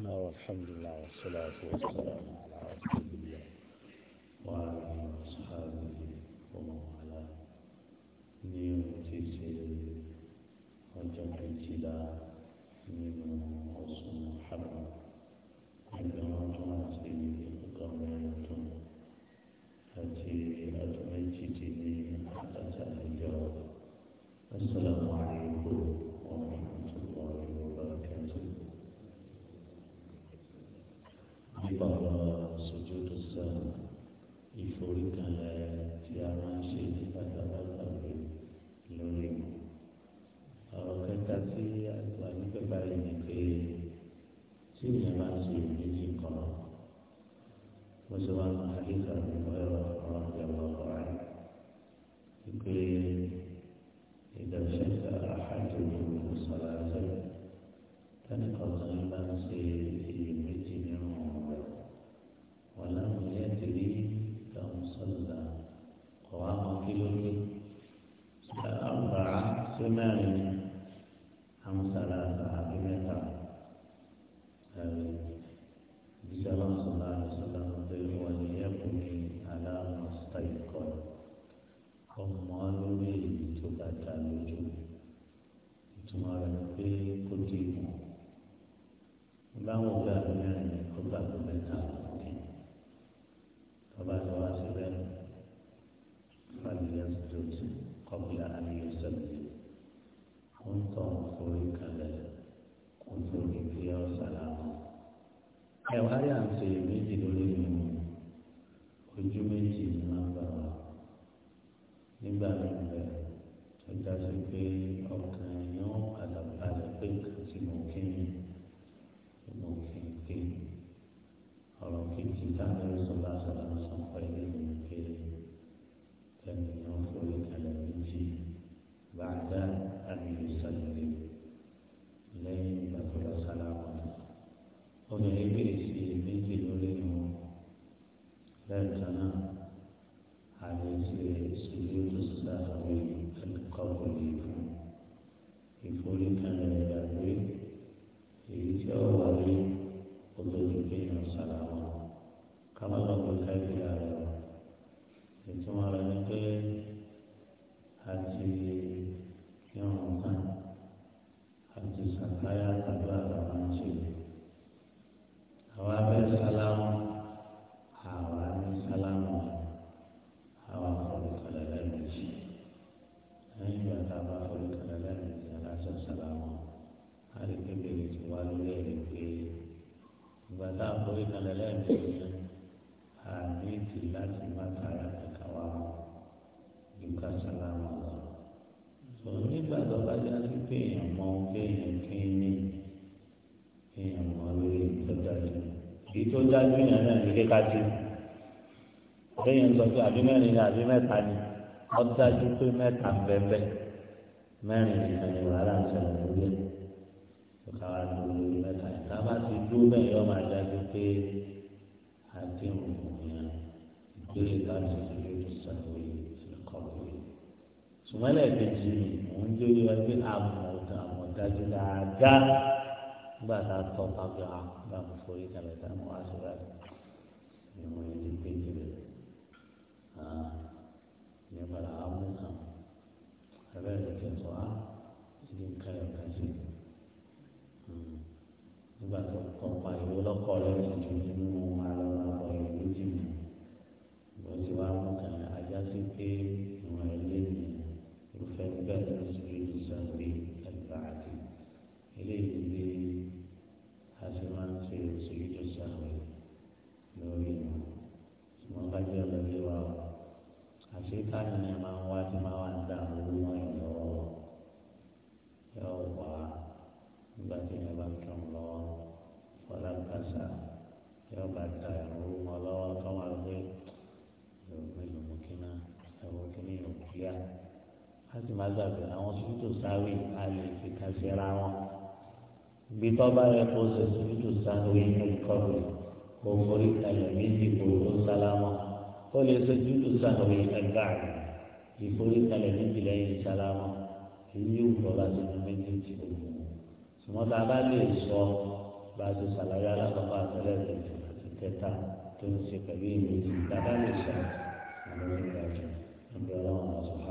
الله والحمد لله والصلاة والسلام على رسول الله وعلى أصحابه ومن والاه من تيسير وجمع الجلال من أصل محمد عندما nípa ọ̀rọ̀ sojú tó sọ ìforíkanlẹ̀ tí a máa ń ṣe nípa tàbátà rẹ̀ lórí mu. ọ̀rọ̀ kẹta tí a gbà níbẹ̀ báyìí ni pé tí ìyẹn bá ń ṣe méjì kan mo ṣe wá máa rí ìkàwé ọ̀rọ̀ ọ̀rọ̀ ìjọba ọ̀rọ̀ rẹ̀ wípé ìdọ̀ṣẹ́ta àhàjò ìwòsàn làásìkò. mẹ́rin ni hamusala sàbí mẹ́ta ẹ̀rí bisala sọlá sọlá ọdẹ wọlé ẹkùnrin aláàmọ̀sítà ikọ̀ ọmọ lórí èyí tó bá dá lójú ìtumọ̀ rẹ̀ pé kó dé mọ̀ báwọn ọ̀gá mẹ́rin ọgbà mẹ́ta. forí kalẹ̀ kó tó lè fi ọ̀sán lánàá. ẹ̀wá rí àǹtí méjì lórí mi. tá a forí kalẹ̀ lẹ́ẹ̀mejì àní ìtì láti má kára kàkà wá ìgbà sálámà lọ. sọ nígbà tó bá já sí pé èèyàn mọ kéèyàn kéèyàn èèyàn mọ lórí tó dájú èyí tó dájú yẹn náà ní kékeré kéèyàn sọ pé àbí mẹ́rin ni àbí mẹ́ta ni wọ́n dájú pé mẹ́ta ń bẹ́ẹ̀ bẹ́ẹ̀ mẹ́rin ni ẹni wàhálà ń sọ̀rọ̀ lórí ẹ̀. ခါလူလက်ထိုင်ဒါမှသူတို့မဲ့ရောမှာလဲ pé àdéhùn ìyẹn ìgbélé láti ìlú ìsàlẹ̀ ìkọ̀wé. ṣùgbọ́n lẹ́ẹ̀kejì mi òun jẹ́ oyè pé àmọ̀dá àmọ̀dájú dáadáa nígbà tá a tọ́ pàgbà àgbà mọ̀ forí kalẹ̀ tá a wá sí táyà náà máa ń wá tí máa wà ń dá owó wọn yọ yọ wá nígbà tí yẹn bá ń tún lọ fọlá gbàṣà yọ bá ta owó wọn lọ́wọ́ kọ́ wọn gbé yorùbá yorùbá kíná ẹ̀wọ̀n kíní yorùbá yá a sì máa gbàgbé àwọn sùúrù sáwì a lè fi ká síra wọn bí tọ́ bá yẹ kó ṣe sùúrù sáwì ní kọ́ọ̀lù kó forí kalẹ̀ méjì kó sálámọ́ ó lè ṣe júlù sàwé ẹgbà ìforíkalẹ̀ níbi lẹ́yìn sálámà èyí yóò bọ̀ láti ní méjèèjì òun ṣùgbọ́n tá a bá lè sọ bá a ti ṣàlàyé alákọ̀ọ́kọ́ àtẹ́lẹ̀ tẹ̀lé àti kẹta tó ń ṣe pẹ̀lú ìmọ̀ ìdí tá a bá lè sọ àwọn ìgbà jù ẹgbẹ́ ọlọ́run àti